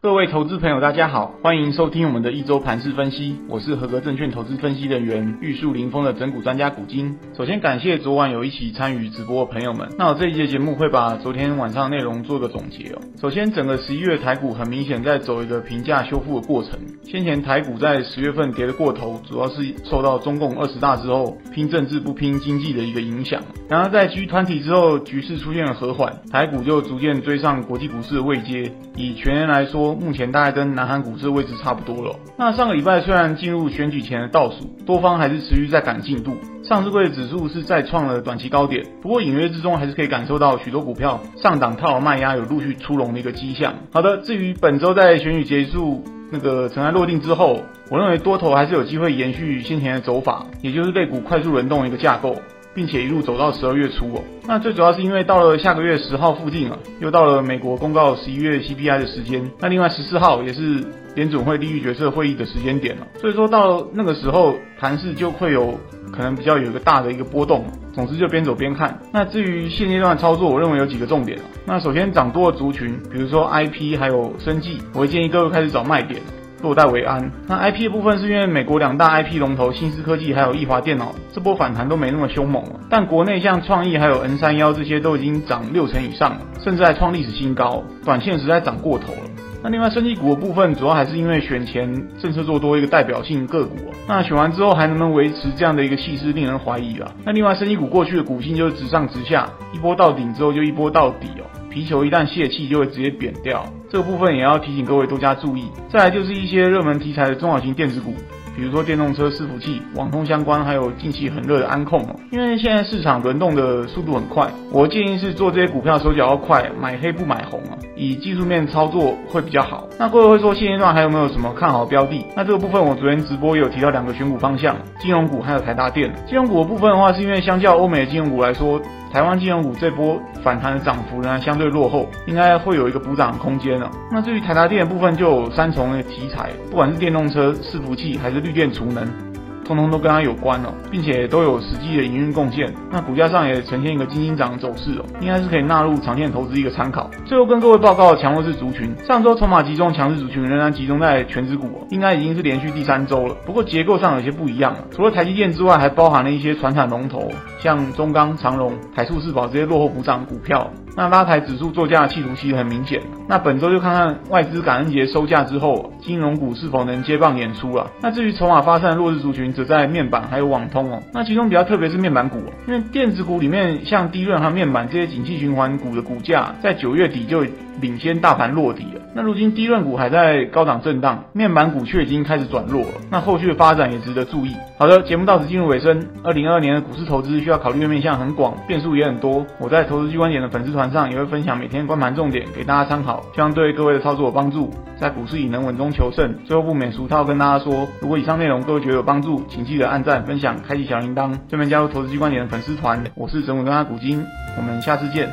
各位投資朋友，大家好，歡迎收聽我們的一周盤勢分析。我是合格證券投資分析人員玉樹臨風的拯股專家股晶。首先感謝昨晚有一起參與直播的朋友們。那我這一節節目會把昨天晚上內容做個總結哦。首先，整個十一月台股很明顯在走一個評價修復的過程。先前台股在十月份跌得過頭，主要是受到中共二十大之後拼政治不拼經濟的一個影響。然而在 G20 之後，局勢出現了和緩，台股就逐漸追上國際股市的位階。以全年來說。目前大概跟南韓股市的位置差不多了。那上個禮拜雖然進入選舉前的倒數，多方還是持續在趕進度。上市櫃的指數是再創了短期高點，不過隱約之中還是可以感受到許多股票上檔套牢賣壓有陸續出籠的一個跡象。好的，至於本周在選舉結束那個塵埃落定之後，我認為多頭還是有機會延續先前的走法，也就是類股快速輪動的一個架構。並且一路走到十二月初哦，那最主要是因為到了下個月十號附近啊，又到了美國公告十一月 CPI 的時間，那另外十四號也是聯準會利率決策會議的時間點了啊，所以說到那個時候，盤勢就會有可能比較有一個大的一個波動。總之就邊走邊看。那至於現階段的操作，我認為有幾個重點啊。那首先漲多的族群，比如說 IP 還有生技，我會建議各位開始找賣點。落袋為安。那 IP 的部分是因為美國，兩大 IP 龍頭新思科技還有益華電腦這波反彈都沒那麼凶猛了，但國內像創意還有 N31 這些都已經漲六成以上了，甚至還創歷史新高，短線實在漲過頭了。那另外，生技股的部分主要還是因為選前政策做多一個代表性個股，啊、那選完之後還能不能維持這樣的一個氣勢，令人懷疑了。啊。那另外，生技股過去的股性就是直上直下，一波到頂之後就一波到底哦。皮球一旦洩氣，就會直接扁掉。這個部分也要提醒各位多加注意。再來就是一些熱門題材的中小型電子股。比如說電動車伺服器、網通相關，還有近期很熱的安控啊，因為現在市場輪動的速度很快，我建議是做這些股票手腳要快，買黑不買紅啊，以技術面操作會比較好。那各位會說現階段還有沒有什麼看好的標的？那這個部分我昨天直播也有提到兩個選股方向，金融股還有台達電。金融股的部分的話，是因為相較歐美的金融股來說。台灣金融股這波反彈的漲幅仍然相對落後，應該會有一個補漲的空間了。那至於台達電的部分，就有三重的題材，不管是電動車伺服器，還是綠電儲能。通通都跟它有關哦，並且都有實際的營運貢獻。那股價上也呈現一個金星漲的走勢哦，應該是可以納入長線投資一個參考。最後跟各位報告的強弱勢族群，上周籌碼集中強勢族群仍然集中在權值股哦，應該已經是連續第三周了。不過結構上有些不一樣了，啊，除了台積電之外，還包含了一些傳產龍頭，像中鋼、長榮、台塑四寶這些落後補漲股票。那拉抬指數作價的企圖其實很明顯。那本周就看看外資感恩節收價之後，啊。金融股是否能接棒演出啊？那至於籌碼發散、弱勢族群，則在面板還有網通哦、喔。那其中比較特別是面板股、喔，因為電子股裡面像 DRAM 和面板這些景氣循環股的股價，在九月底就領先大盤落底了。那如今 DRAM 股還在高檔震盪，面板股卻已經開始轉弱了。那後續的發展也值得注意。好的，節目到此進入尾聲。二零二二年的股市投資需要考慮的面向很廣，變數也很多。我在投資 Ｇ 觀點的粉絲團上也會分享每天觀盤重點，給大家參考，希望對各位的操作有幫助。在股市裡能穩中，求勝。最後不免俗套，跟大家說，如果以上內容各位覺得有幫助，請記得按讚、分享、開啟小鈴鐺，順便加入投資 Ｇ 觀點的粉絲團。我是陳唯泰，跟股晶，我們下次見。